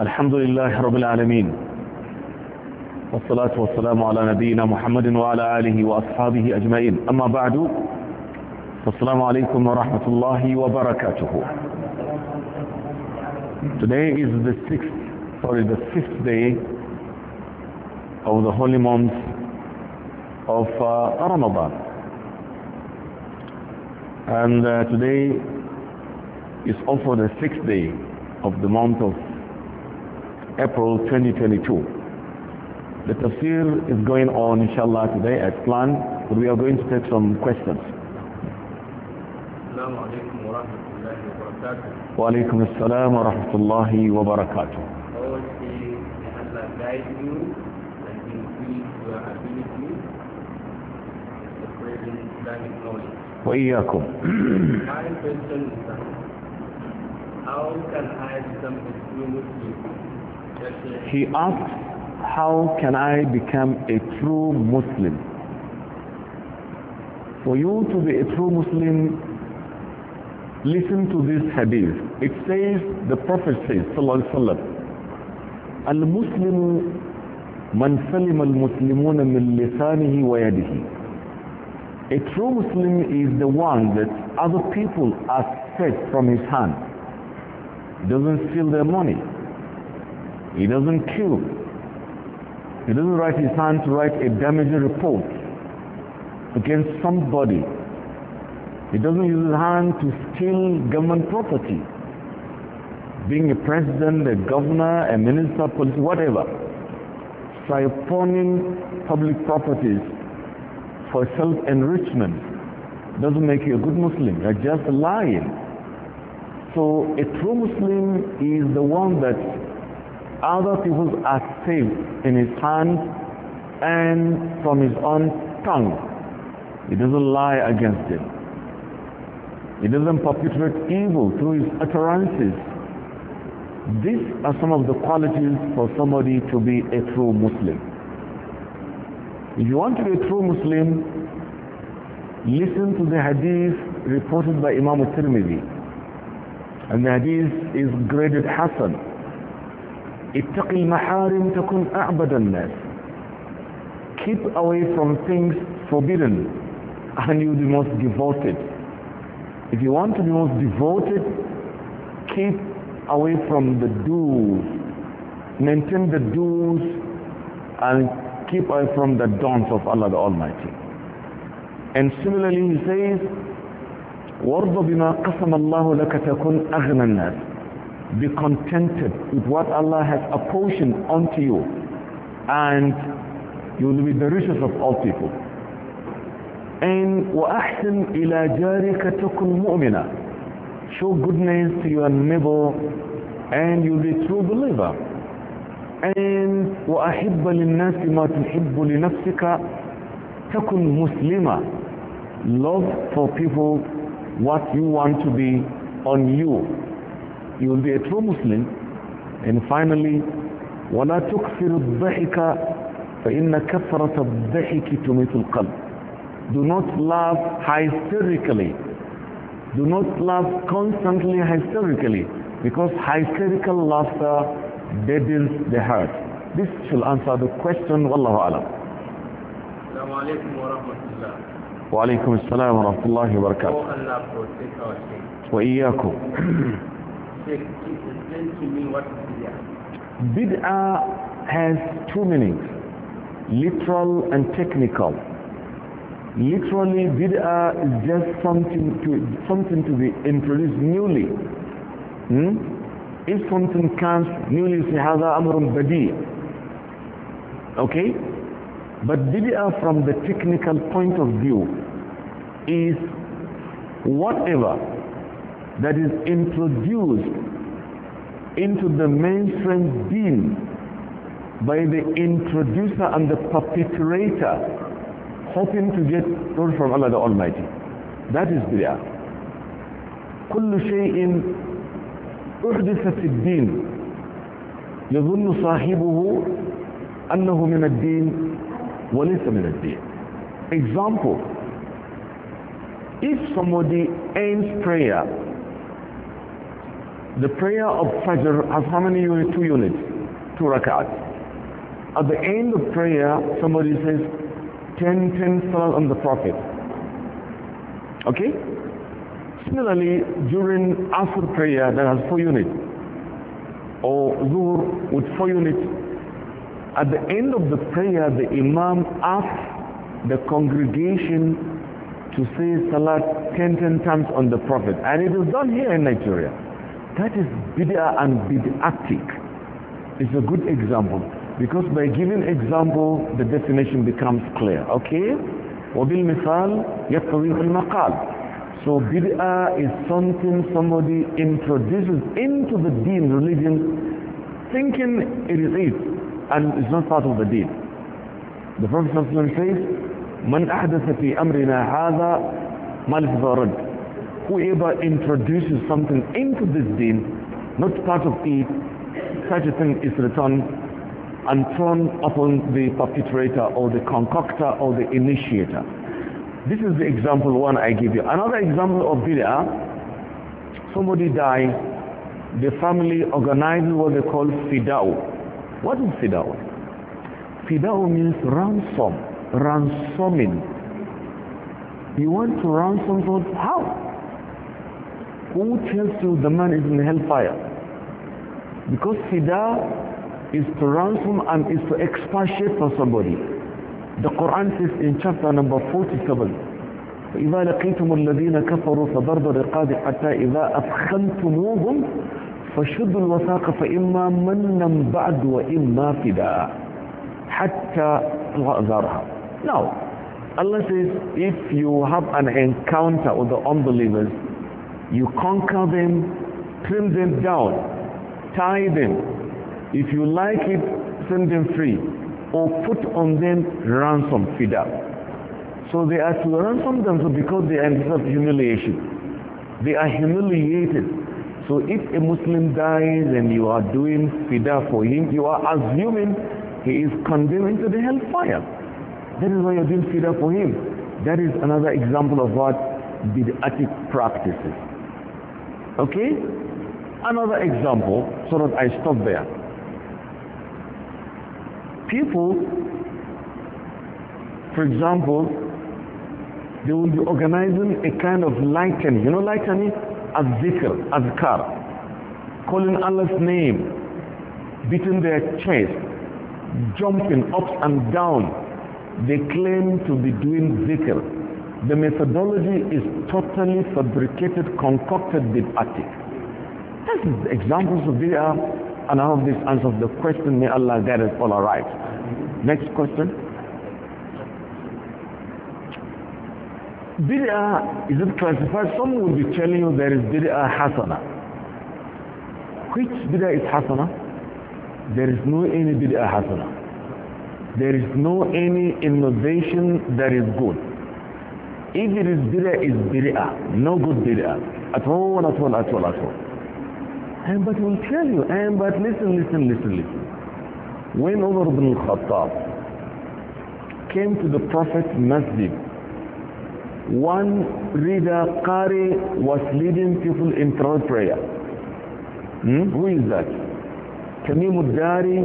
الحمد لله رب العالمين والصلاة والسلام على نبينا محمد وعلى آله وأصحابه أجمعين أما بعد السلام عليكم ورحمة الله وبركاته Today is the sixth, sorry, the fifth day of the holy month of uh, Ramadan. And uh, today is also the sixth day of the month of April 2022. The tafsir is going on inshallah today as planned, but we are going to take some questions. Wa alaikum assalam wa rahmatullahi wa barakatuh. Guide you and increase your ability to Islamic knowledge. My question is how can I become a true Muslim he asked, how can I become a true Muslim? For you to be a true Muslim, listen to this hadith. It says, the Prophet says, sallallahu alaihi wasallam, Salim al سلم min من wa Yadihi.' A true Muslim is the one that other people are saved from his hand, doesn't steal their money, he doesn't kill. He doesn't write his hand to write a damaging report against somebody. He doesn't use his hand to steal government property. Being a president, a governor, a minister, police, whatever. Siphoning public properties for self-enrichment doesn't make you a good Muslim. You're just lying. So a true Muslim is the one that other people are saved in his hand and from his own tongue. He doesn't lie against it. He doesn't perpetrate evil through his utterances. These are some of the qualities for somebody to be a true Muslim. If you want to be a true Muslim, listen to the hadith reported by Imam al-Tirmidhi. And the hadith is graded Hassan. اتقي محارم تكون أعبد الناس keep away from things forbidden and you be most devoted if you want to be most devoted keep away from the do's maintain the do's and keep away from the don'ts of Allah the Almighty and similarly he says وارض بما قسم الله لك تكون أغنى الناس be contented with what Allah has apportioned unto you and you will be the richest of all people and وَأَحْسِنْ إِلَى جَارِكَ تَكُنْ مُؤْمِنًا show goodness to your neighbor and you'll be a true believer and وَأَحِبَّ لِلنَّاسِ مَا تُحِبُّ لِنَفْسِكَ تَكُنْ مُسْلِمًا love for people what you want to be on you you will be a true Muslim. And finally, وَلَا تُكْثِرُ الضَّحِكَ فَإِنَّ كَثْرَةَ الضَّحِكِ تُمِيتُ الْقَلْبِ Do not laugh hysterically. Do not laugh constantly hysterically because hysterical laughter deadens the heart. This shall answer the question, Wallahu Alam. Assalamu alaikum wa rahmatullah. وعليكم السلام ورحمة الله وبركاته وإياكم explain to me bid'ah. Bid'ah has two meanings, literal and technical. Literally, bid'ah is just something to, something to be introduced newly. Hmm? If something comes newly, say, هذا أمر بديع. Okay? But bid'ah from the technical point of view is whatever that is introduced into the mainstream deen by the introducer and the perpetrator hoping to get rule from Allah the Almighty. That is bid'ah. كل شيء أحدث في الدين يظن صاحبه أنه من الدين وليس من الدين. Example, if somebody aims prayer the prayer of Fajr has how many units? Two units. Two rakat. At the end of prayer, somebody says, 10, 10 salat on the Prophet. Okay? Similarly, during Asr prayer, that has four units. Or Zuhr with four units. At the end of the prayer, the Imam asks the congregation to say Salat 10, 10 times on the Prophet. And it is done here in Nigeria. That is bid'ah and bid'atic. It's a good example because by giving example the definition becomes clear. Okay? وَبِالْمِثَالِ يَتَّضِيقُ maqal. So bid'ah is something somebody introduces into the deen, religion, thinking it is it and it's not part of the deen. The Prophet says, مَنْ أَحْدَثَ فِي أَمْرِنَا هَذَا مَا لِفِذَا رَدٍ whoever introduces something into this deen, not part of it, such a thing is returned and thrown upon the perpetrator or the concoctor or the initiator. This is the example one I give you. Another example of bid'ah, somebody dies, the family organizes what they call fida'u. What is fida'u? Fida'u means ransom, ransoming. You want to ransom God? How? who tells you the man is in hellfire? Because fida is to ransom and is to expatriate for somebody. The Quran says in chapter number 47, فإذا لقيتم الذين كفروا فضرب الرقاب حتى إذا أفخنتموهم فشدوا الوثاق فإما فَإِمَّا بعد وإما فداء حتى غأذرها. Now, Allah says, if you have an encounter with the unbelievers, you conquer them, trim them down, tie them. If you like it, send them free. Or put on them ransom, fida. So they are to ransom themselves because they are in humiliation. They are humiliated. So if a Muslim dies and you are doing fida for him, you are assuming he is condemned to the hellfire. That is why you're doing fida for him. That is another example of what bid'atic practices. Okay? Another example, so that I stop there. People, for example, they will be organizing a kind of lightning. You know lightning? Azikr, azkar. Calling Allah's name, beating their chest, jumping up and down. They claim to be doing zikr. The methodology is totally fabricated, concocted This is examples of bid'ah uh, and all of this answers the question. May Allah guide us all right. Next question. Bid'ah, is it classified? Some will be telling you there is bid'ah hasana. Which bid'ah is hasana? There is no any bid'ah hasana. There is no any innovation that is good. If it is bid'ah, it's bid'ah. No good bid'ah. At all, at all, at all, at all. And but will tell you, and but listen, listen, listen, listen. When Umar ibn al-Khattab came to the Prophet masjid, one reader, Qari, was leading people in prayer. prayer. Hmm? Who is that? Tamim al-Dari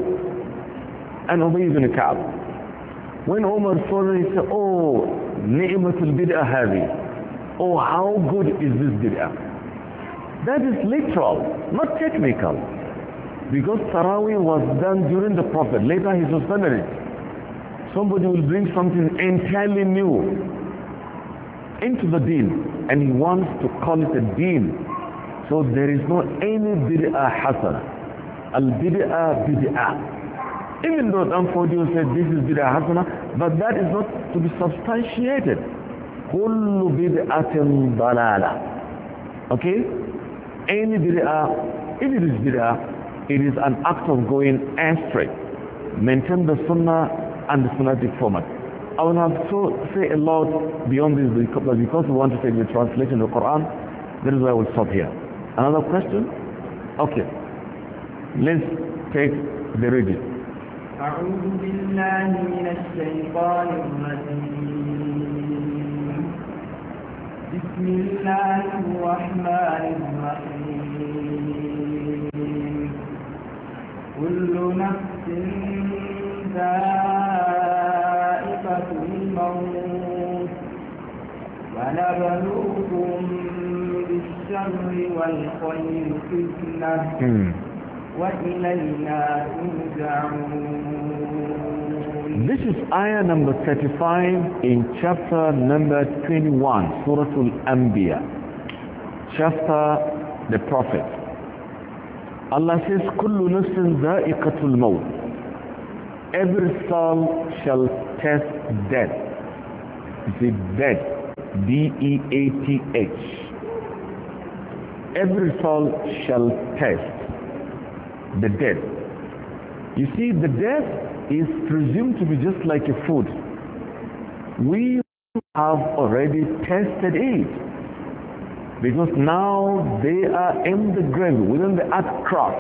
and Ubay ibn Ka'b. When Umar saw him, he said, oh, ni'matul bid'ah hadi. Oh, how good is this bid'ah? That is literal, not technical. Because Taraweeh was done during the Prophet. Later he suspended it. Somebody will bring something entirely new into the deen. And he wants to call it a deen. So there is no any bid'ah hasana. Al-bid'ah bid'ah. Even though Danfodio said this is bid'ah hasana, but that is not to be substantiated. كل بدعة ضلالة Okay? Any bid'ah, if it is bid'ah, it is an act of going astray. Maintain the sunnah and the sunnatic format. I will have to say a lot beyond this because we want to take the translation of the Quran. That is why I will stop here. Another question? Okay. Let's take the reading. أعوذ بالله من الشيطان الرجيم بسم الله الرحمن الرحيم كل نفس ذائقة الموت ونبلوكم بالشر والخير فتنة This is ayah number 35 in chapter number 21, Surah Al-Anbiya, chapter the Prophet. Allah says, كُلُّ نَفْسٍ ذَائِقَةُ الْمَوْتِ Every soul shall test death. The death, D-E-A-T-H. Every soul shall test the dead. You see, the death is presumed to be just like a food. We have already tasted it. Because now they are in the grave, within the earth crust.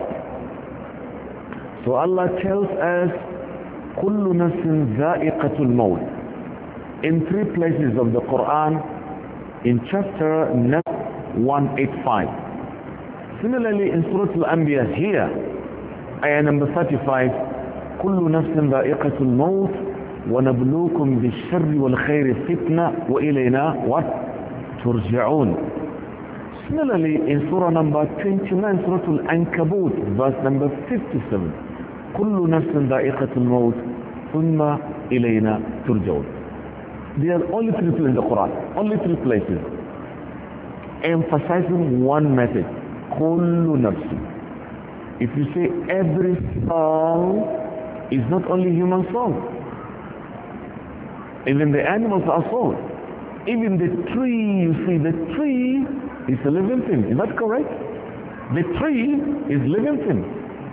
So Allah tells us, كُلُّ نَفْسٍ ذَائِقَةُ الْمَوْتِ In three places of the Quran, in chapter 185. Similarly, in Surah Al-Anbiya here, آية number 35 كل نفس ذائقة الموت ونبلوكم بالشر والخير فتنة وإلينا وترجعون Similarly in surah number 29 surah Al-Ankabut verse number 57 كل نفس ذائقة الموت ثم إلينا ترجعون There are only three places in the Quran only three places emphasizing one message كل نفس If you say every soul is not only human soul, even the animals are soul. Even the tree, you see, the tree is a living thing. Is that correct? The tree is living thing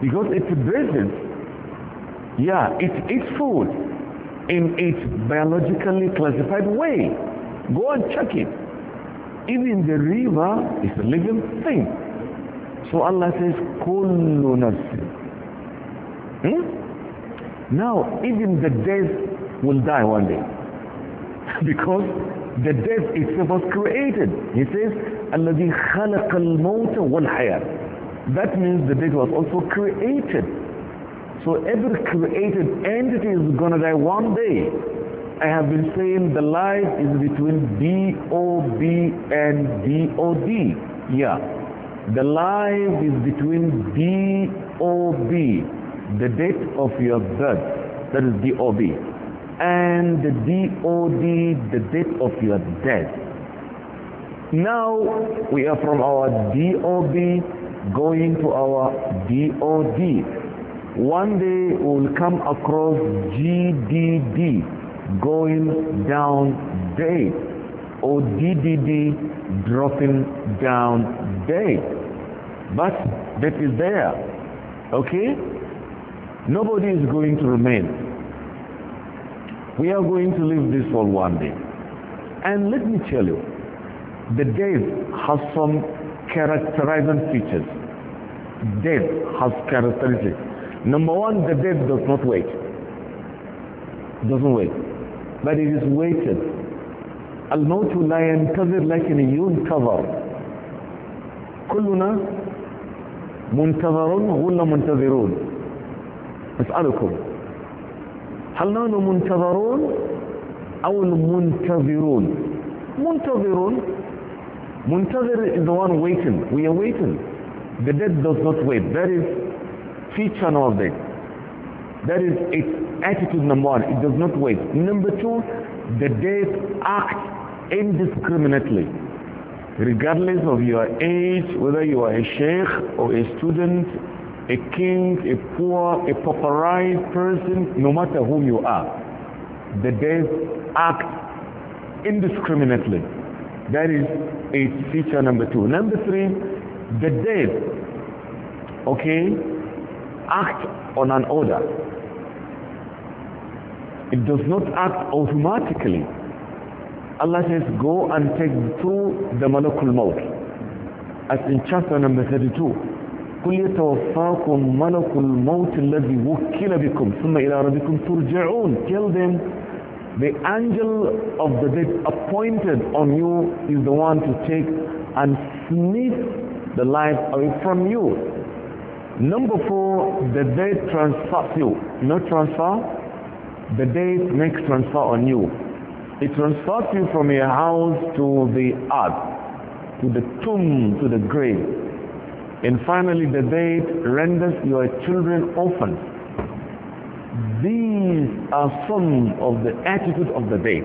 because it breathes. Yeah, it eats food in its biologically classified way. Go and check it. Even the river is a living thing. So Allah says, Kullu nafsin. Hmm? Now, even the death will die one day. because the death itself was created. He says, الَّذِي خَلَقَ الْمَوْتَ وَالْحَيَاةِ That means the death was also created. So every created entity is going to die one day. I have been saying the life is between B-O-B and D-O-D. Yeah. The life is between DOB, the date of your birth, that is DOB, and the DOD, the date of your death. Now we are from our DOB going to our DOD. One day we'll come across GDD, going down date or DDD dropping down day. But that is there. Okay? Nobody is going to remain. We are going to leave this world one day. And let me tell you, the death has some characterizing features. Death has characteristics. Number one, the death does not wait. Doesn't wait. But it is waited الموت لا ينتظر لكن ينتظر كلنا منتظرون ولا منتظرون أسألكم هل نحن منتظرون أو المنتظرون منتظرون منتظر is the one waiting we are waiting the dead does not wait that is feature of it that is its attitude number one it does not wait number two the dead acts indiscriminately, regardless of your age, whether you are a sheikh or a student, a king, a poor, a pauperized person, no matter who you are. The death act indiscriminately. That is its feature number two. Number three, the dead, okay, act on an order. It does not act automatically. Allah says, go and take through the malakul maut. As in chapter number 32. قل يتوفاكم ملك الموت الذي وكل بكم ثم إلى ربكم ترجعون tell them the angel of the dead appointed on you is the one to take and sniff the life away from you number four the dead transfers you no transfer the dead makes transfer on you it transports you from your house to the earth, to the tomb, to the grave. And finally, the dead renders your children orphans. These are some of the attitude of the dead.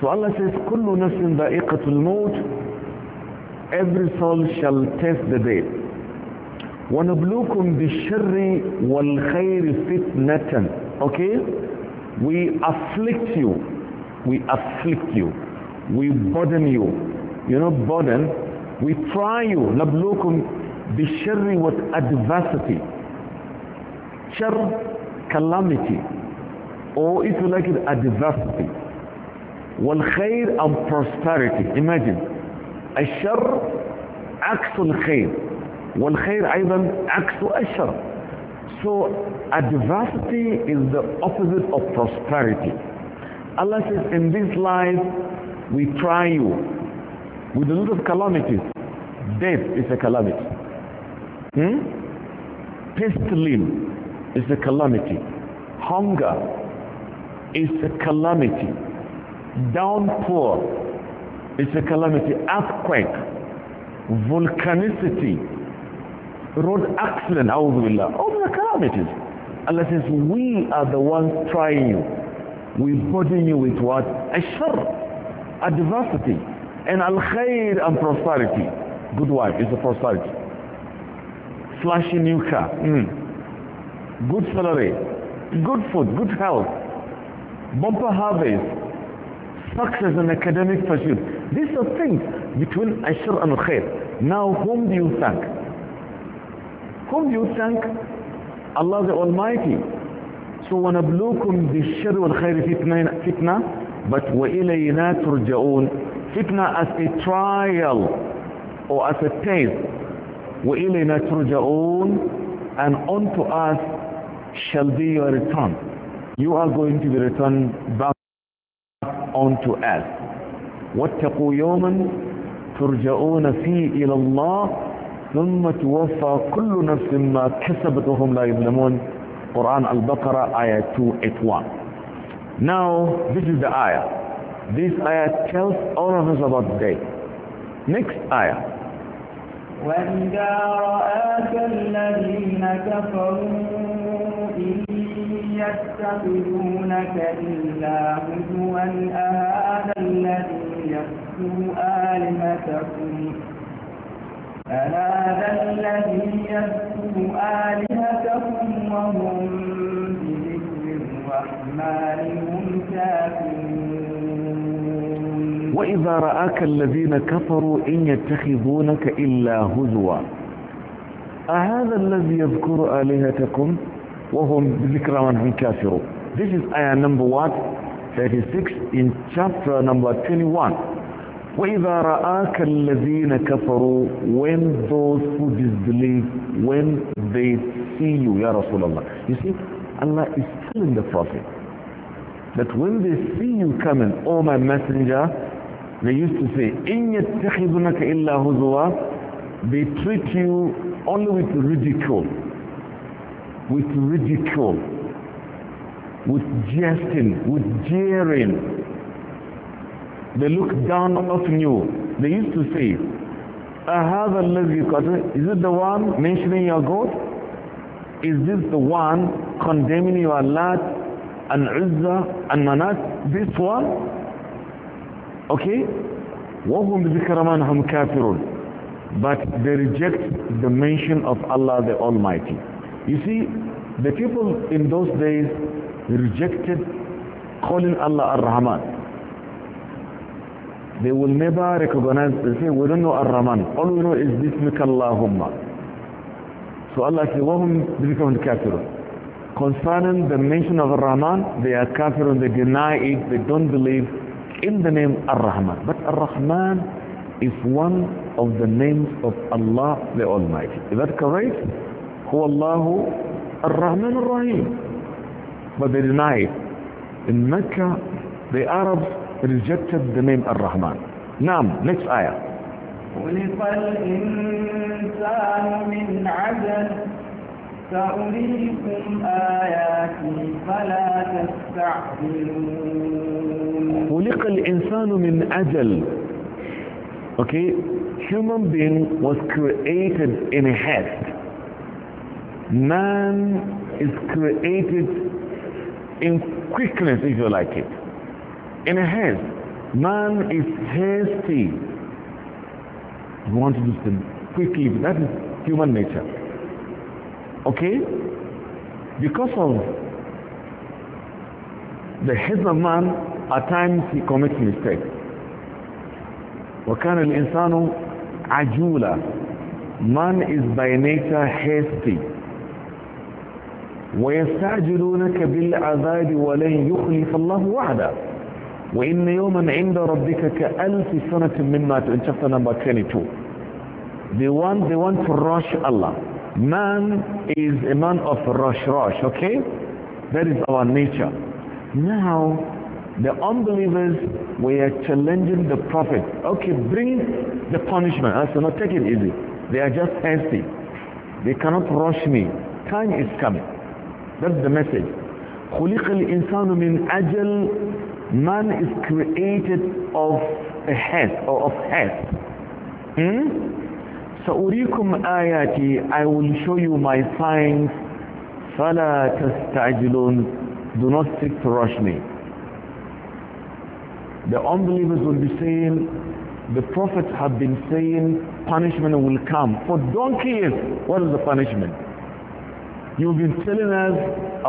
So Allah says, كُلُّ نَفْسٍ ذَائِقَةُ الْمَوْتِ Every soul shall taste the death. وَنَبْلُوكُمْ بِالشَّرِّ وَالْخَيْرِ فِتْنَةً Okay? We afflict you we afflict you, we burden you. You know, burden, we try you. نَبْلُوكُمْ bisharri with adversity. Shar, calamity. Or if you like it, adversity. khair and prosperity. Imagine. الشر عكس الخير. والخير أيضا عكس الشر. So adversity is the opposite of prosperity. Allah says, in this life, we try you with a lot of calamities. Death is a calamity. Hmm? Pestilence is a calamity. Hunger is a calamity. Downpour is a calamity. Earthquake, volcanicity, road accident, all the calamities. Allah says, we are the ones trying you. We burden you with what? Ashar, adversity, and al-khair and prosperity. Good wife is the prosperity. Flashy new car, mm. good salary, good food, good health, bumper harvest, success in academic pursuit. These are things between Ashar and Khair. Now whom do you thank? Whom do you thank? Allah the Almighty. So وَنَبْلُوكُمْ بِالشَّرِ وَالْخَيْرِ fitna, fitna but وَإِلَيْنَا تُرْجَعُونَ Fitna as a trial or as a test. وَإِلَيْنَا تُرْجَعُونَ And unto us shall be your return. You are going to be returned back unto us. وَاتَّقُوا يَوْمًا تُرْجَعُونَ فِيهِ إِلَى اللَّهِ ثُمَّ توفى كُلُّ نَفْسٍ مَا كسبتهم لَا يُظْلَمُونَ Quran Al-Baqarah ayah 281. Now, this is the ayah. This ayah tells all of us about the day. Next ayah. وَإِذَا رَآكَ الَّذِينَ كَفَرُوا إِن يَتَّخِذُونَكَ إِلَّا هُزُوًا أَهَذَا الَّذِي يَتْلُو آلِهَتَكُمْ أَهَذَا الَّذِي يَتْلُو وإذا رآك الذين كفروا إن يتخذونك إلا هزوا أهذا الذي يذكر آلهتكم وهم بذكر من هم كافروا This is ayah number 136 in chapter number 21 وَإِذَا رَآكَ الَّذِينَ كَفَرُوا When those who disbelieve, when they see you, Ya الله You see, Allah is telling the Prophet, that when they see you coming, O oh my messenger, they used to say, إِن يَتَّخِذُنَكَ إِلَّا They treat you only with ridicule, with ridicule, with jesting, with jeering. They look down on you. They used to say, أَهَذَا الَّذِي قَتَلَ Is it the one mentioning your God? Is this the one condemning your Allah and Uzza and Manat, this one, okay, وَهُمْ بِذِكْرَ نحن كَافِرُونَ But they reject the mention of Allah the Almighty. You see, the people in those days rejected calling Allah Ar-Rahman. They will never recognize, they say, we don't know Ar-Rahman. All we know is Bismika Allahumma. So Allah said وَهُمْ بِذِكْرَ نحن كَافِرُونَ concerning the mention of Ar-Rahman, they are kafirun, they deny it, they don't believe in the name Ar-Rahman. But Ar-Rahman is one of the names of Allah the Almighty. Is that correct? هو rahman الرحمن rahim But they deny it. In Mecca, the Arabs rejected the name Ar-Rahman. Naam, next ayah. خلق الإنسان من عجل سأريكم آياتي فلا تستعجلون خلق الإنسان من أجل Okay, human being was created in a haste. Man is created in quickness, if you like it. In a haste. Man is hasty. You want to do things quickly. That is human nature. Okay? Because of the head of man, at times he commits mistakes. وكان الإنسان عجولا Man is by nature hasty. ويستعجلونك بالعذاب ولن يخلف الله وعدا وإن يوما عند ربك كألف سنة مما in chapter number 22 they want, they want to rush Allah Man is a man of rush rush, okay? That is our nature. Now, the unbelievers were challenging the prophet. Okay, bring the punishment. I said, no, take it easy. They are just hasty. They cannot rush me. Time is coming. That's the message. خُلِقَ الْإِنسَانُ مِنْ أَجَلٍ Man is created of a haste or of haste. Hmm? سأريكم آياتي I will show you my signs فلا تستعجلون Do not seek to rush me The unbelievers will be saying the prophets have been saying punishment will come for donkeys what is the punishment you've been telling us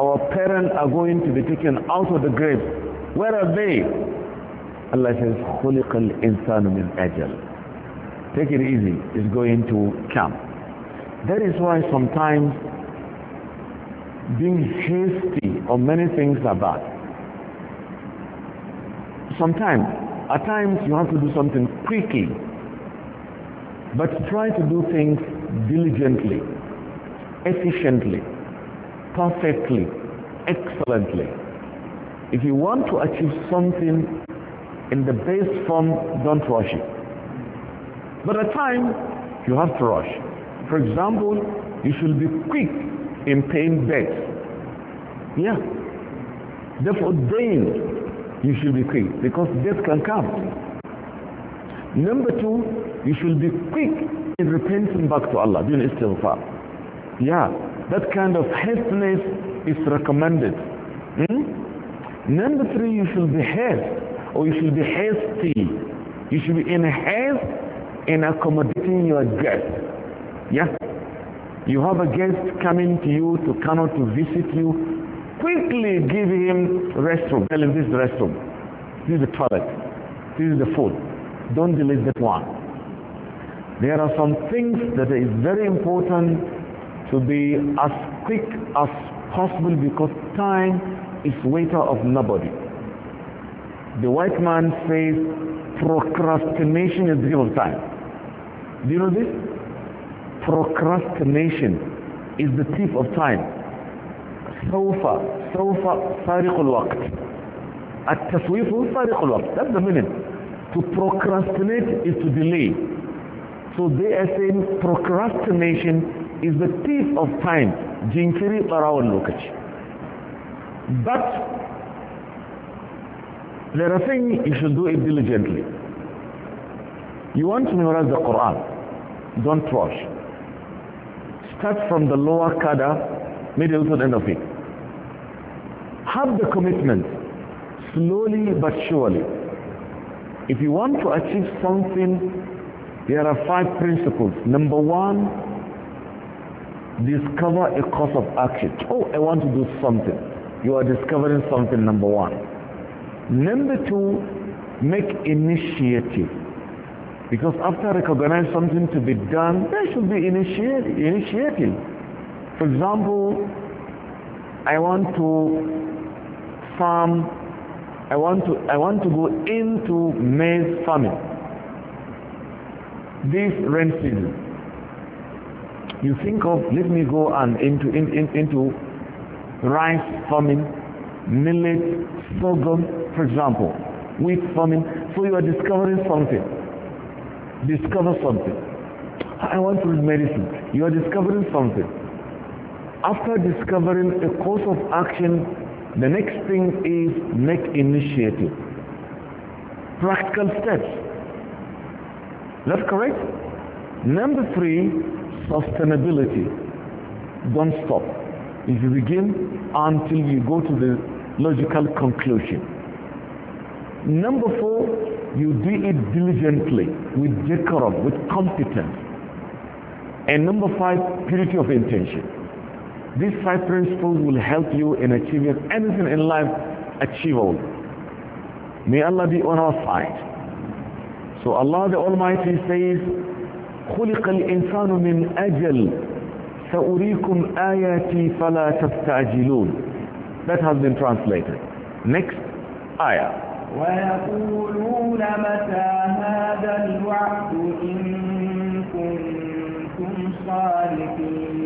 our parents are going to be taken out of the grave where are they Allah says خلق الإنسان من أجل take it easy, is going to come. That is why sometimes being hasty on many things are bad. Sometimes, at times you have to do something quickly, but try to do things diligently, efficiently, perfectly, excellently. If you want to achieve something in the best form, don't rush it. But at times, you have to rush. For example, you should be quick in paying debts. Yeah. Therefore, then you should be quick because death can come. Number two, you should be quick in repenting back to Allah, doing istighfar. Yeah, that kind of hastiness is recommended. Hmm? Number three, you should be hasty, or you should be hasty. You should be in haste in accommodating your guest. Yeah? You have a guest coming to you to come out to visit you. Quickly give him restroom. Tell him this is the restroom. This is the toilet. This is the food. Don't delete that one. There are some things that is very important to be as quick as possible because time is waiter of nobody. The white man says procrastination is the of time. Do you know this? Procrastination is the thief of time. سوف سوف سارق At التسويف سارق الوقت that's the meaning to procrastinate is to delay so they are saying procrastination is the thief of time jinkiri ɓarawar lokaci but there are things you should do it diligently you want to memorize the Quran. Don't rush. Start from the lower kada, middle to the end of it. Have the commitment, slowly but surely. If you want to achieve something, there are five principles. Number one, discover a course of action. Oh, I want to do something. You are discovering something, number one. Number two, make initiative. Because after recognizing something to be done, there should be initiate, initiating. For example, I want to farm, I want to, I want to go into maize farming. This rain season. You think of, let me go and into, in, in, into rice farming, millet, sorghum, for example, wheat farming. So you are discovering something discover something. I want to read medicine. You are discovering something. After discovering a course of action, the next thing is make initiative. Practical steps. That's correct? Number three, sustainability. Don't stop. If you begin until you go to the logical conclusion. Number four, you do it diligently, with decorum, with competence. And number five, purity of intention. These five principles will help you in achieving anything in life achievable. May Allah be on our side. So Allah the Almighty says, خلق الإنسان من أجل سأريكم آياتي فلا تستعجلون That has been translated. Next ayah. ويقولون متى هذا الوعد إن كنتم صادقين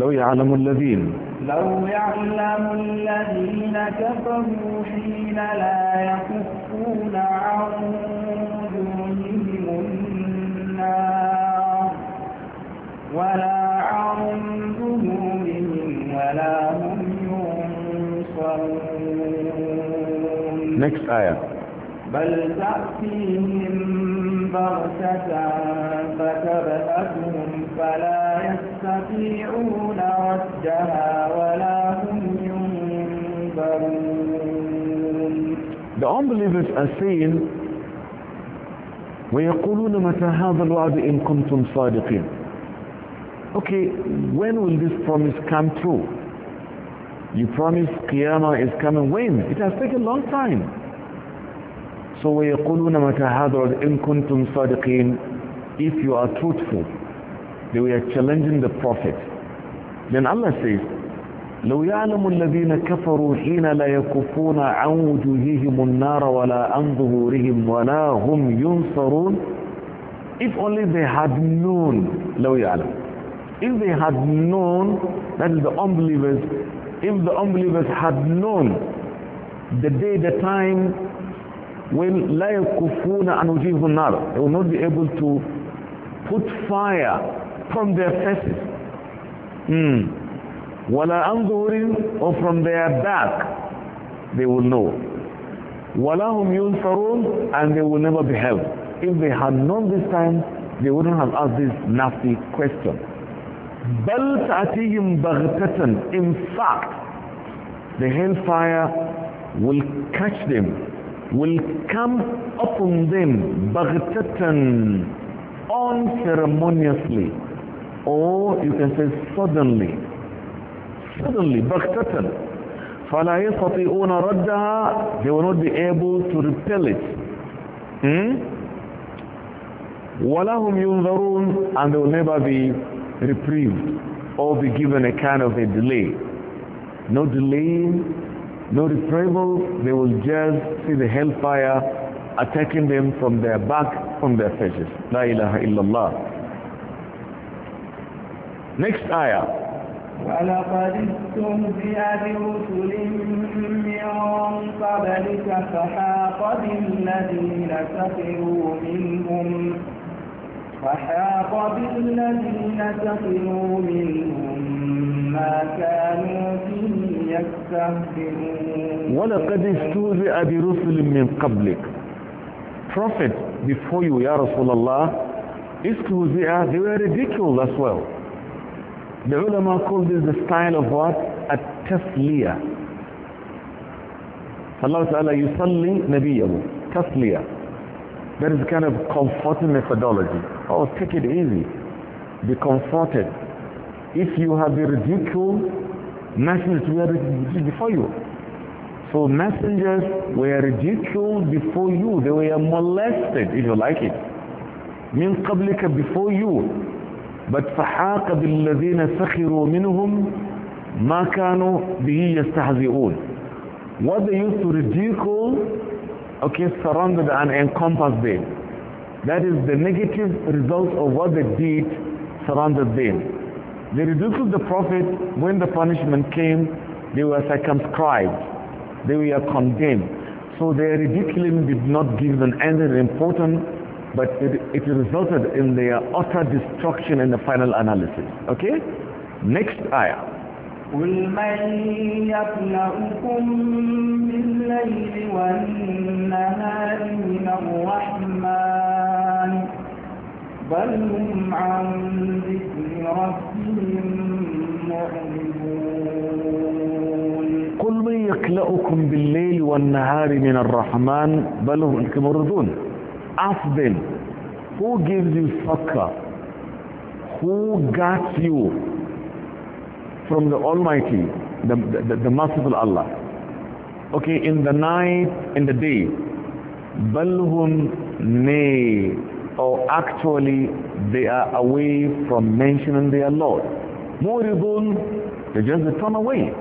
لو يعلم الذين لو يعلم الذين كفروا حين لا يكفون عن وجوههم النار ولا Next ayah. بل تأتيهم بغتة فتبهتهم فلا يستطيعون ردها ولا هم ينظرون The unbelievers are saying ويقولون متى هذا الوعد إن كنتم صادقين Okay, when will this promise come true? You promised Qiyamah is coming. When? It has taken a long time. So وَيَقُولُونَ مَتَى إِن كُنْتُمْ If you are truthful, they are challenging the Prophet. Then Allah says, لو يعلم الذين كفروا حين لا يكفون عن وجوههم النار ولا عن ظهورهم ولا هم ينصرون if only they had known لو يعلم if they had known that is the unbelievers if the unbelievers had known the day, the time, when لا يكفون عن وجوههم النار they will not be able to put fire from their faces mm. ولا عن or from their back they will know ولا هم ينصرون and they will never be helped if they had known this time they wouldn't have asked this nasty question بل تأتيهم بغتة in fact the hellfire will catch them will come upon them بغتة unceremoniously or you can say suddenly suddenly بغتة فلا يستطيعون ردها they will not be able to repel it hmm? ولهم ينظرون and they will never be reprieved or be given a kind of a delay. No delay, no reprieve. they will just see the hellfire attacking them from their back, from their faces. La ilaha illallah. Next ayah. ولقد استهزئ برسل من قبلك فحاق بالذين سخروا منهم فحاق بالذين سخروا منهم ما كانوا فيه يستهزئون ولقد استهزئ برسل من قبلك Prophet before you, Ya Rasulullah, استهزئ, they were ridiculed as well. The ulama called this the style of what? A tasliya Allah Ta'ala yusalli nabiyahu. Tasliya. That is kind of comforting methodology. Oh, take it easy. Be comforted. If you have been ridiculed, messengers were ridiculed before you. So messengers were ridiculed before you. They were molested, if you like it. من قبلك before you. But فحاق بالذين سخروا منهم ما كانوا به يستهزئون. What they used to ridicule okay, surrounded and encompassed them. That is the negative result of what they did surrounded them. They ridiculed the Prophet when the punishment came, they were circumscribed, they were condemned. So their ridiculing did not give them any important, but it, it resulted in their utter destruction in the final analysis. Okay? Next ayah. قل من يبلغكم بالليل والنهار من الرحمن بل هم عن ذكر ربهم معرضون قل من يكلأكم بالليل والنهار من الرحمن بل هم معرضون أفضل who gives you succor? Who got you from the Almighty, the, the, the merciful Allah. Okay, in the night, in the day. Balhum nay, or actually they are away from mentioning their Lord. Muridun, they just turn away.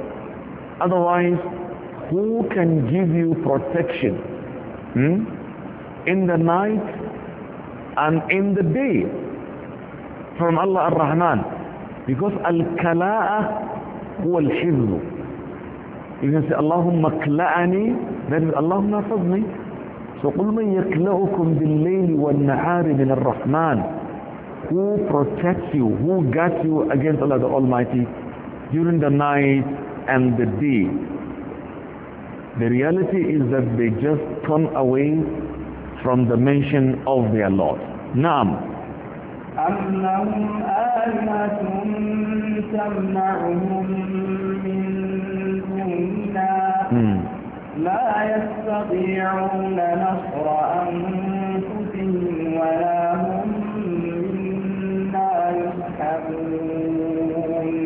Otherwise, who can give you protection? Hmm? In the night and in the day from Allah ar-Rahman because al-kala'ah huwa al-hifzu you can say Allahumma kla'ani then Allahumma fadni so bil مَنْ wal-nahari min مِنَ rahman Who protects you, who guards you against Allah the Almighty during the night and the day. The reality is that they just turn away from the mention of their Lord. Naam. آلهة تمنعهم من دوننا لا يستطيعون نصر أنفسهم ولا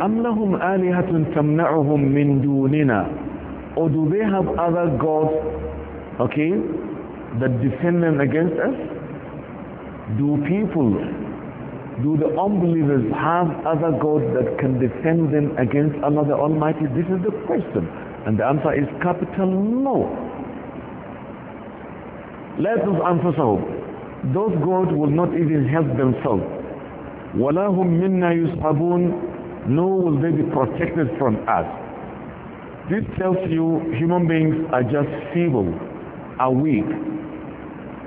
أم لهم آلهة تمنعهم من دوننا or do they have other gods okay that defend them against us do people Do the unbelievers have other gods that can defend them against Allah the Almighty? This is the question. And the answer is capital no. Let us answer so. Those gods will not even help themselves. وَلَا هُمْ مِنَّا يُسْحَبُونَ Nor will they be protected from us. This tells you human beings are just feeble, are weak.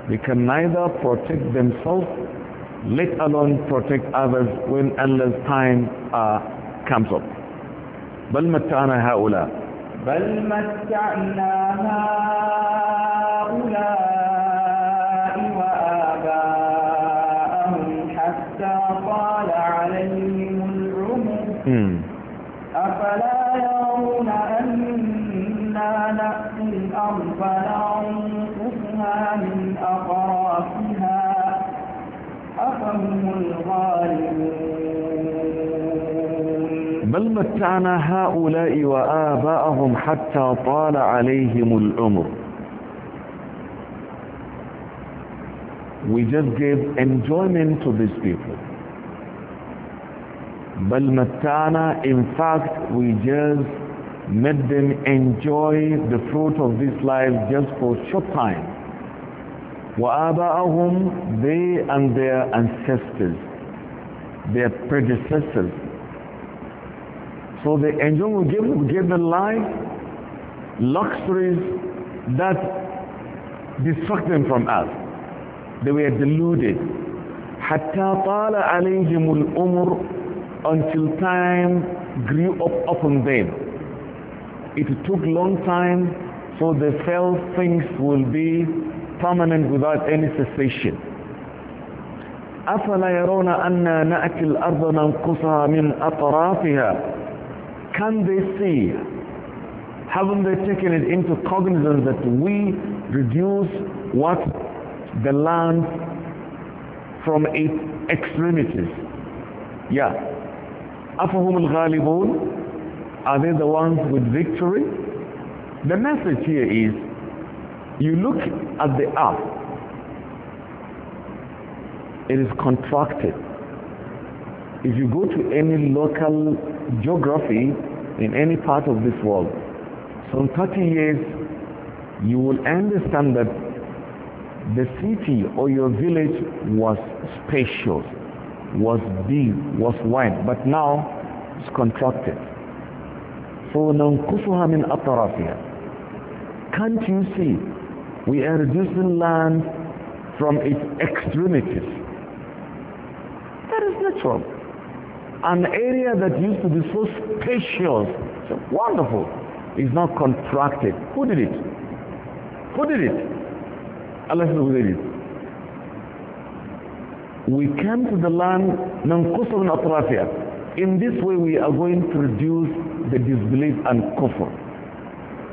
They can neither protect themselves let alone protect others when Allah's time uh, comes up. بل متعنا هؤلاء بل متعنا هؤلاء وآباءهم حتى طال عليهم العمر أفلا يرون أنا نأتي الأرض ننقصها من أطرافها هم الغالبون بل متعنا هؤلاء وآباءهم حتى طال عليهم العمر We just gave enjoyment to these people. بل متعنا in fact we just made them enjoy the fruit of this life just for short time. وآباءهم they and their ancestors their predecessors so the angel will give, give life luxuries that distract them from us they were deluded حتى طال عليهم الأمر until time grew up upon them it took long time so they felt things will be permanent without any cessation أفلا يرون الأرض ننقصها من أطرافها Can they see? Haven't they taken it into cognizance that we reduce what the land from its extremities? Yeah. أفهم الغالبون? Are they the ones with victory? The message here is you look at the earth, it is contracted. If you go to any local geography in any part of this world, some 30 years, you will understand that the city or your village was spacious, was big, was wide, but now it's contracted. So أَطْرَافِهَا Can't you see we are reducing land from its extremities. That is natural. An area that used to be so spacious, so wonderful, is now contracted. Who did it? Who did it? Allah Subhanahu who did it. We came to the land In this way we are going to reduce the disbelief and comfort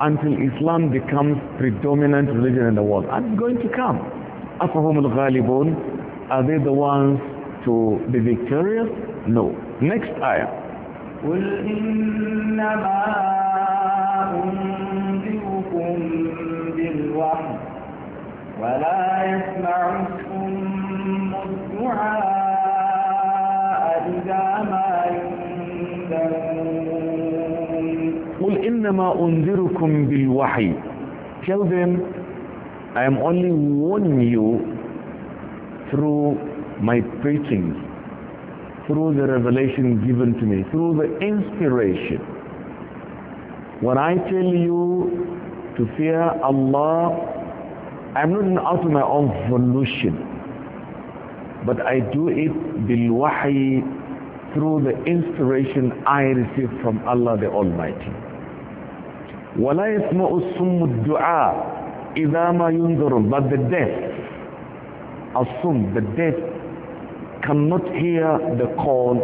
until Islam becomes predominant religion in the world. And it's going to come. Are they the ones to be victorious? No. Next ayah. وَلَا يَسْمَعُ الصُّمُّ الدُّعَاءَ إِذَا مَا يُنذَرُونَ قل إنما أنذركم بالوحي tell them I am only warning you through my preachings through the revelation given to me through the inspiration when I tell you to fear Allah I'm not out of my own volition but I do it بالوحي through the inspiration I receive from Allah the Almighty ولا يسمع الصم الدعاء إذا ما ينظر but the deaf الصم the deaf cannot hear the call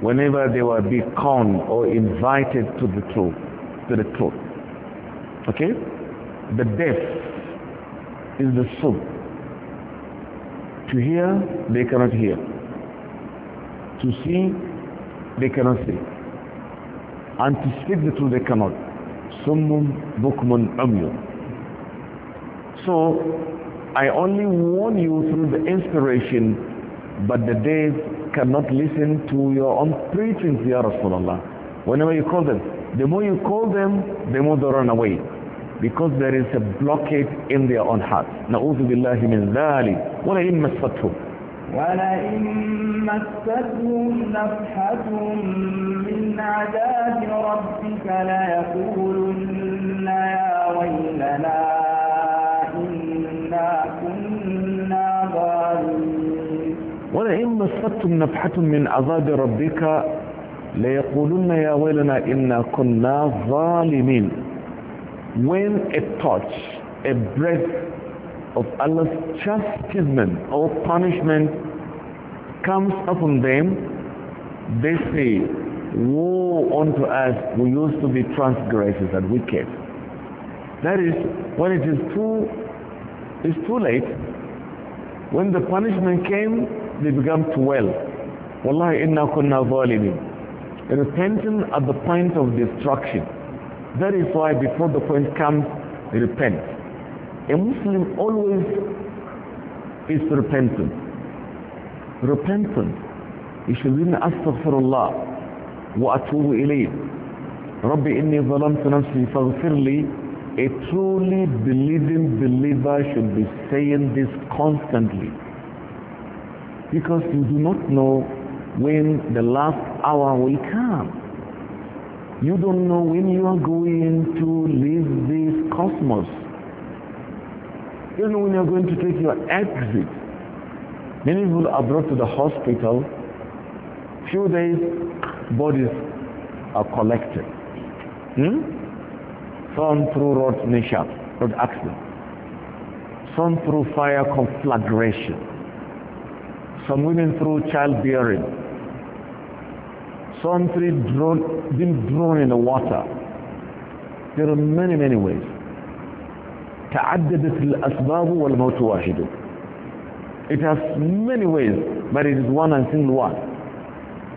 whenever they were called or invited to the truth to the truth okay the deaf is the soul to hear they cannot hear to see they cannot see and to speak the truth they cannot Summum bukmun umyun. So I only warn you through the inspiration, but the deaf cannot listen to your own preaching, Ya Rasulullah. Whenever you call them, the more you call them, the more they run away. Because there is a blockade in their own hearts. نعوذ بالله من ذلك ولئن ولئن مستهم نفحة من عذاب ربك ليقولن يا ويلنا إنا كنا ظالمين ولئن مستهم نفحة من عذاب ربك ليقولن يا ويلنا إنا كنا ظالمين when a touch a breath of Allah's chastisement or punishment comes upon them, they say, Woe unto us, we used to be transgressors and wicked. That is, when it is too, it's too late. When the punishment came, they began to wail. Wallahi inna kunna zalimin. Repenting at the point of destruction. That is why before the point comes, repent. A Muslim always is repentant. Repentant. He should be astaghfirullah wa atubu ilayh. Rabbi inni zalamtu nafsi faghfir li. A truly believing believer should be saying this constantly. Because you do not know when the last hour will come. You don't know when you are going to leave this cosmos. Even when you're going to take your exit, many people are brought to the hospital. Few days, bodies are collected. Hmm? Some through road mishap, road accident. Some through fire conflagration. Some women through childbearing. Some through drone, being drawn in the water. There are many, many ways. تعددت الأسباب والموت واحد it has many ways but it is one and single one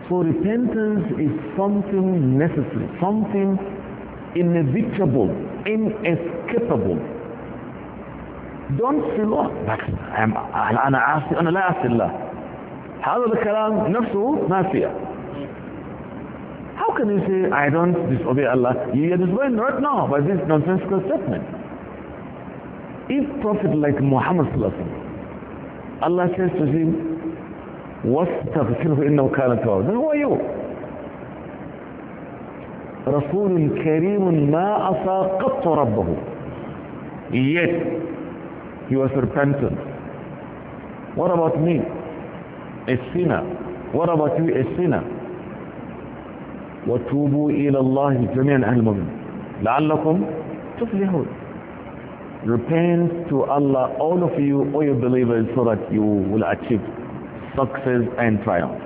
so repentance is something necessary something inevitable inescapable don't feel oh, أنا عاصي أنا لا أعصي الله هذا الكلام نفسه ما فيه How can you say, I don't disobey Allah? You are disobeying right now by this nonsensical statement. if prophet like Muhammad sallallahu alaihi wasallam Allah says to him واستغفره إنه kana توابا then who are you رسول كريم ما أصى ربه yet he was repentant what about me a sinner what about you a sinner وتوبوا إلى الله جميعا أهل المؤمنين لعلكم تفلحون Repent to Allah, all of you, all your believers, so that you will achieve success and triumph.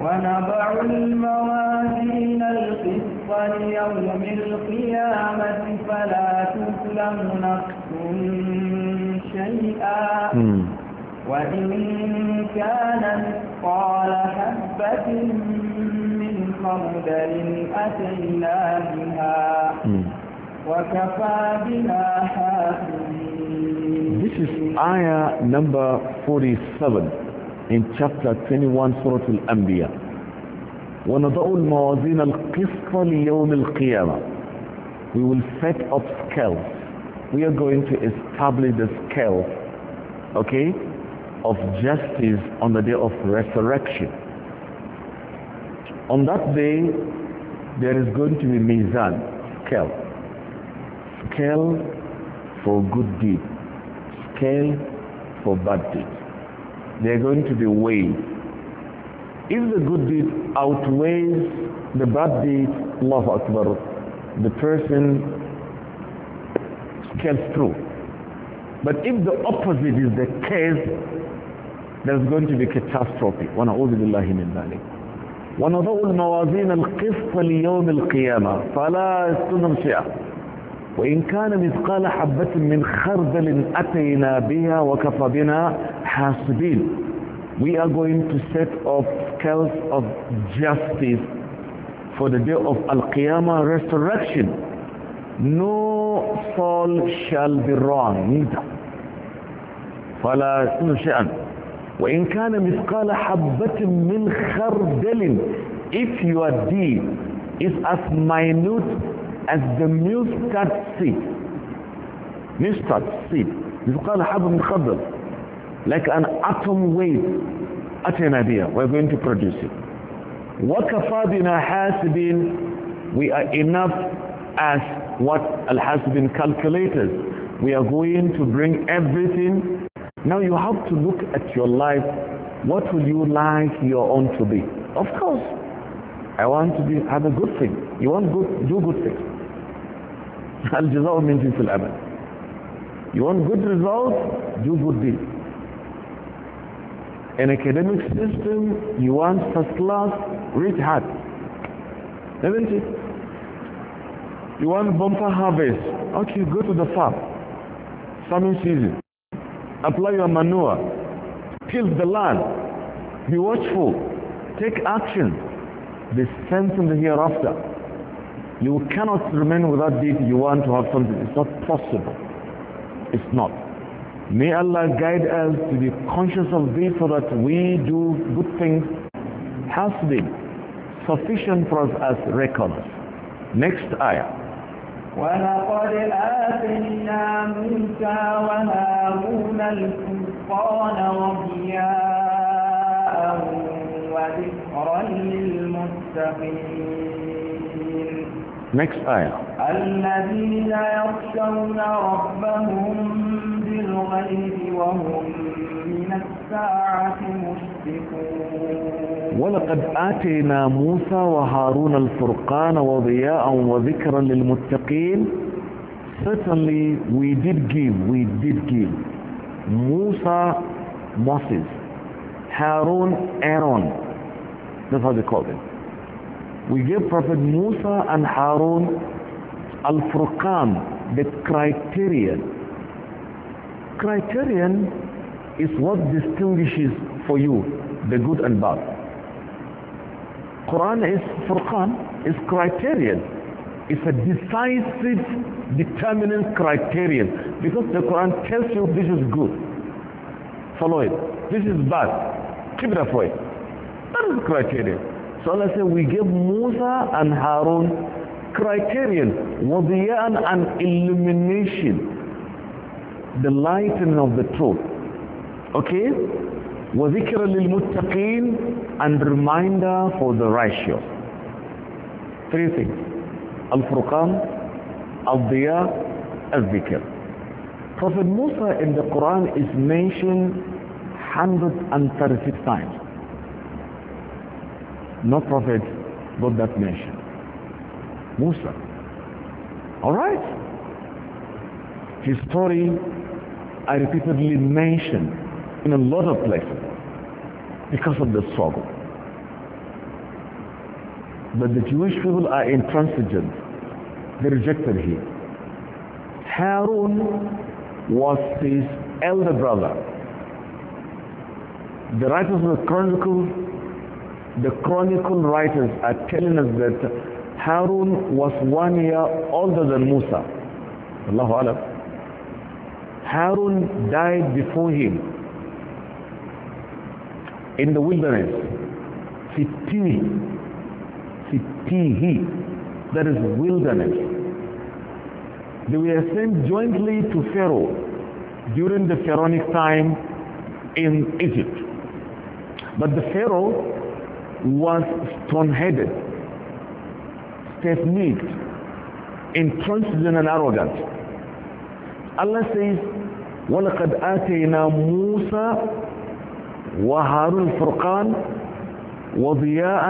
ونضع الموازين القسط ليوم القيامة فلا تظلم نفس شيئا hmm. وإن كان مثقال حبة من خردل أتينا بها hmm. This is ayah number 47 in chapter 21 Surah Al-Anbiya. وَنَضَعُ الْمَوَازِينَ الْقِسْطَ لِيَوْمِ الْقِيَامَةِ We will set up scales. We are going to establish the scale, okay, of justice on the day of resurrection. On that day, there is going to be mizan, scale scale for good deeds, scale for bad deeds. They're going to be weighed. If the good deed outweighs the bad deed, Allahu Akbar, the person scales through. But if the opposite is the case, there's going to be catastrophe. وَنَعُوذِ بِاللَّهِ مِنْ ذَلِكَ وَنَضَعُ الْمَوَازِينَ الْقِسْطَ لِيَوْمِ الْقِيَامَةِ فَلَا يَسْتُنُمْ شِيَةً وإن كان مثقال حبة من خردل أتينا بها وكفى بنا حاسبين we are going to set up scales of justice for the day of Al-Qiyamah resurrection no soul shall be wronged فلا شيئا وإن كان مثقال حبة من خردل if your deed is as minute as the mustard seed mustard seed يقال حب مخضر like an atom weight at an idea we're going to produce it وكفى حاسبين we are enough as what al been calculators we are going to bring everything now you have to look at your life what would you like your own to be of course I want to be have a good thing. You want good do good things. الجزاء من جنس العمل you want good results do good deeds an academic system you want first class read hard have not it you want bumper harvest okay go to the farm farming season apply your manure till the land be watchful take action be sense in the hereafter you cannot remain without deed you want to have something. It's not possible. It's not. May Allah guide us to be conscious of this so that we do good things has been sufficient for us as records. Next ayah. ولقد آتينا موسى وهارون الفرقان وضياء وذكرا للمتقين next ayah الذين يخشون ربهم بالغيب وهم من الساعة مشفقون ولقد آتينا موسى وهارون الفرقان وضياء وذكرا للمتقين certainly we did give we did give Musa Moses Harun Aaron that's how they call them we gave Prophet Musa and Harun Al-Furqan, the criterion. Criterion is what distinguishes for you the good and bad. Quran is Furqan, is criterion. It's a decisive, determinant criterion because the Quran tells you this is good. Follow it. This is bad. Keep it away. That is criterion. So Allah said, we give Musa and Harun criterion, wadiyan and illumination, the lighting of the truth. Okay? وَذِكْرَ لِلْمُتَّقِينَ and reminder for the righteous. Three things. Al-Furqan, Al-Diya, Al-Dhikr. Prophet Musa in the Quran is mentioned 136 times. No prophet but that nation. Musa. Alright? His story I repeatedly mentioned in a lot of places because of the struggle. But the Jewish people are intransigent. They rejected him. Harun was his elder brother. The writers of the Chronicles the chronicle writers are telling us that Harun was one year older than Musa. Allahu Alam. Harun died before him in the wilderness. Sitihi. Sitihi. That is wilderness. They were sent jointly to Pharaoh during the Pharaonic time in Egypt. But the Pharaoh was stone-headed, stiff-necked, intransigent and arrogant. Allah says, وَلَقَدْ آتَيْنَا مُوسَى وَهَارُ الْفُرْقَانِ وضياء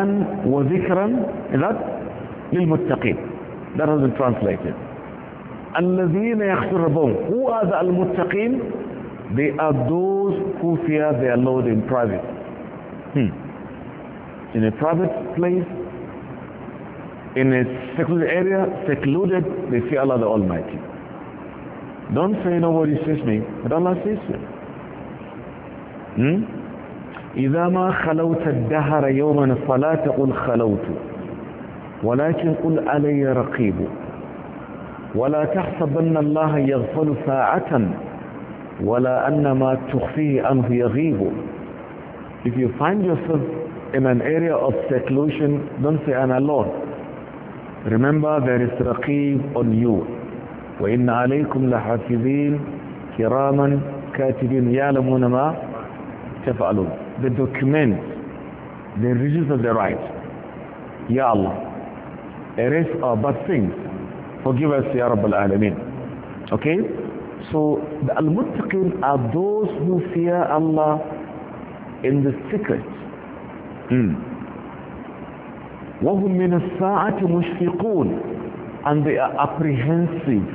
وذكرا that للمتقين that has been translated الذين يخسرون who are the المتقين they are those who fear their Lord in private hmm in a private place, in a secluded area, secluded, they see Allah the Almighty. Don't say nobody sees me, but Allah sees you. Hmm? إذا ما خلوت الدهر يوما فلا تقل خلوت ولكن قل علي رقيب ولا الله يغفل ساعة ولا أن ما تخفيه يغيب If you find yourself in an area of seclusion, don't say, I'm alone. Remember, there is raqib on you. وإن عليكم لحافظين كراما كاتبين يعلمون ما تفعلون. The document, they register the right. Ya Allah, erase our bad things. Forgive us, Ya Rabbal Alameen. Okay? So, the Al-Muttaqin are those who fear Allah in the secret. Mm. وَهُمْ مِنَ السَّاعَةِ And they are apprehensive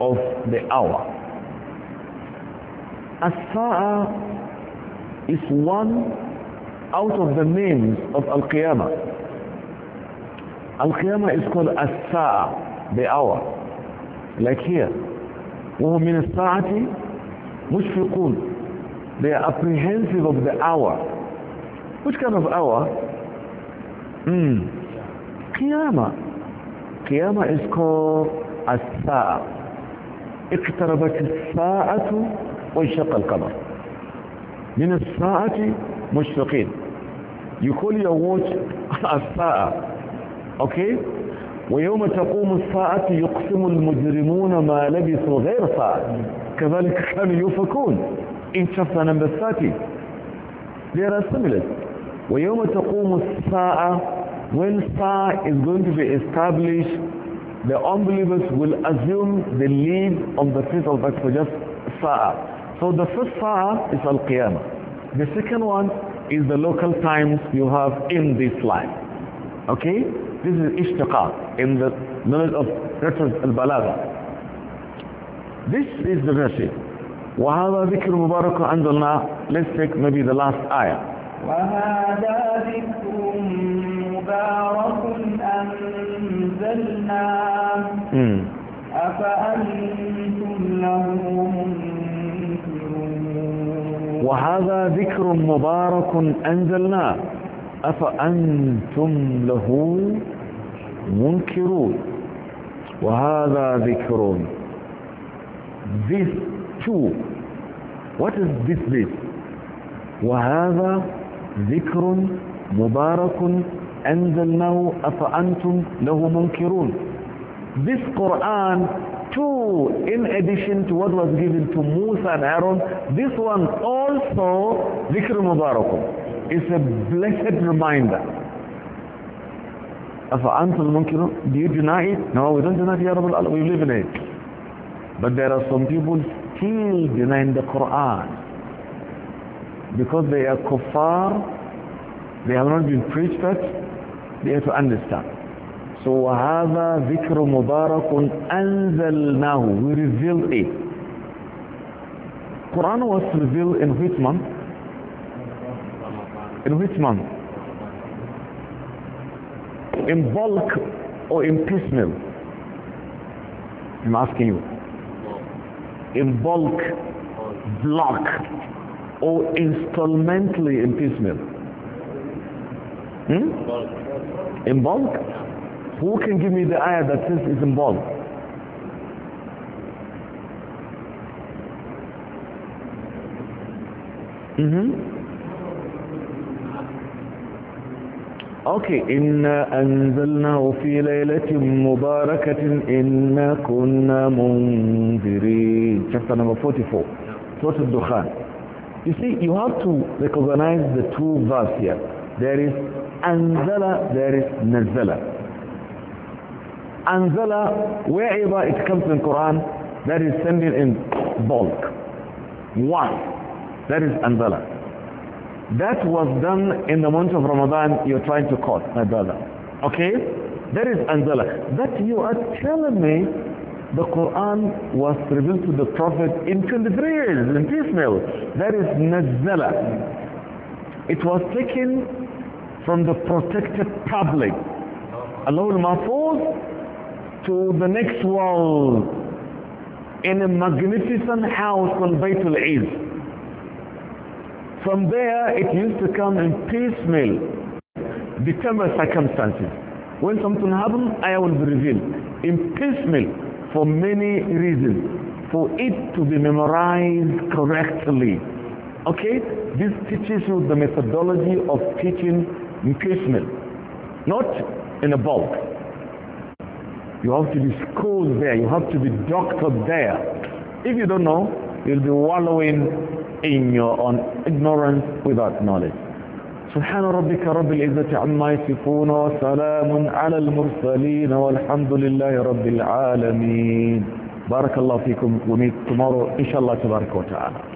of the hour. As-sa'a is one out of the names of Al-Qiyamah. Al-Qiyamah is called As-sa'a, the hour. Like here. وَهُمْ مِنَ السَّاعَةِ مُشْفِقُونَ They are apprehensive of the hour. which kind of hour? Mm. Qiyamah. Qiyamah is called as-sa'a. اقتربت الساعة وانشق القمر. من الساعة مشفقين. You call your watch as-sa'a. Okay? ويوم تقوم الساعة يقسم المجرمون ما لبثوا غير ساعة. كذلك كانوا يوفكون. In chapter number 30. They are assimilate. وَيَوْمَ تَقُومُ السَّاعَةِ When Sa'ah is going to be established, the unbelievers will assume the lead of the feet of the just Sa'ah. So the first Sa'ah is Al-Qiyamah. The second one is the local times you have in this life. Okay? This is Ishtaqa in the knowledge of Rasul Al-Balagha. This is the verse. وَهَذَا ذِكْرُ مُبَارَكُ أَنْزَلْنَا Let's take maybe the last ayah. وهذا ذكر مبارك أنزلناه أفأنتم له منكرون وهذا ذكر مبارك أنزلناه أفأنتم له منكرون وهذا ذكر this too what is this this وهذا ذكر مبارك أنزلناه أفأنتم له منكرون This Quran too in addition to what was given to Musa and Aaron this one also ذكر مبارك is a blessed reminder أفأنتم المنكرون Do you deny it? No we don't deny it يا رب العالمين we believe in it But there are some people still denying the Quran because they are kuffar, they have not been preached at, they have to understand. So وَهَذَا ذِكْرُ مُبَارَكٌ أَنزَلْنَاهُ We revealed it. Quran was revealed in which month? In which month? In bulk or in piecemeal? I'm asking you. In bulk, block, or installmentally in piecemeal? Hmm? In bulk? Who can give me the ayah that says it's in bulk? Mm -hmm. اوكي إنا أنزلناه في ليلة مباركة إنا كنا منذرين chapter number 44 سورة الدخان You see, you have to recognize the two verses here. There is anzala, there is nazala. Anzala, wherever it comes in Quran, that is sending in bulk. One, that is anzala. That was done in the month of Ramadan you're trying to quote, my brother. Okay? That is anzala. That you are telling me the Quran was revealed to the Prophet in 23 years in piecemeal. That is Nazala. It was taken from the protected public, Allahul Mahfuz, to the next world in a magnificent house on Baytul Is. From there, it used to come in piecemeal, determined circumstances. When something happened, I will be revealed in piecemeal for many reasons. For it to be memorized correctly. Okay? This teaches you the methodology of teaching nutritional, not in a bulk. You have to be schooled there. You have to be doctored there. If you don't know, you'll be wallowing in your own ignorance without knowledge. سبحان ربك رب العزة عما يصفون وسلام على المرسلين والحمد لله رب العالمين بارك الله فيكم ونيت tomorrow إن شاء الله تبارك وتعالى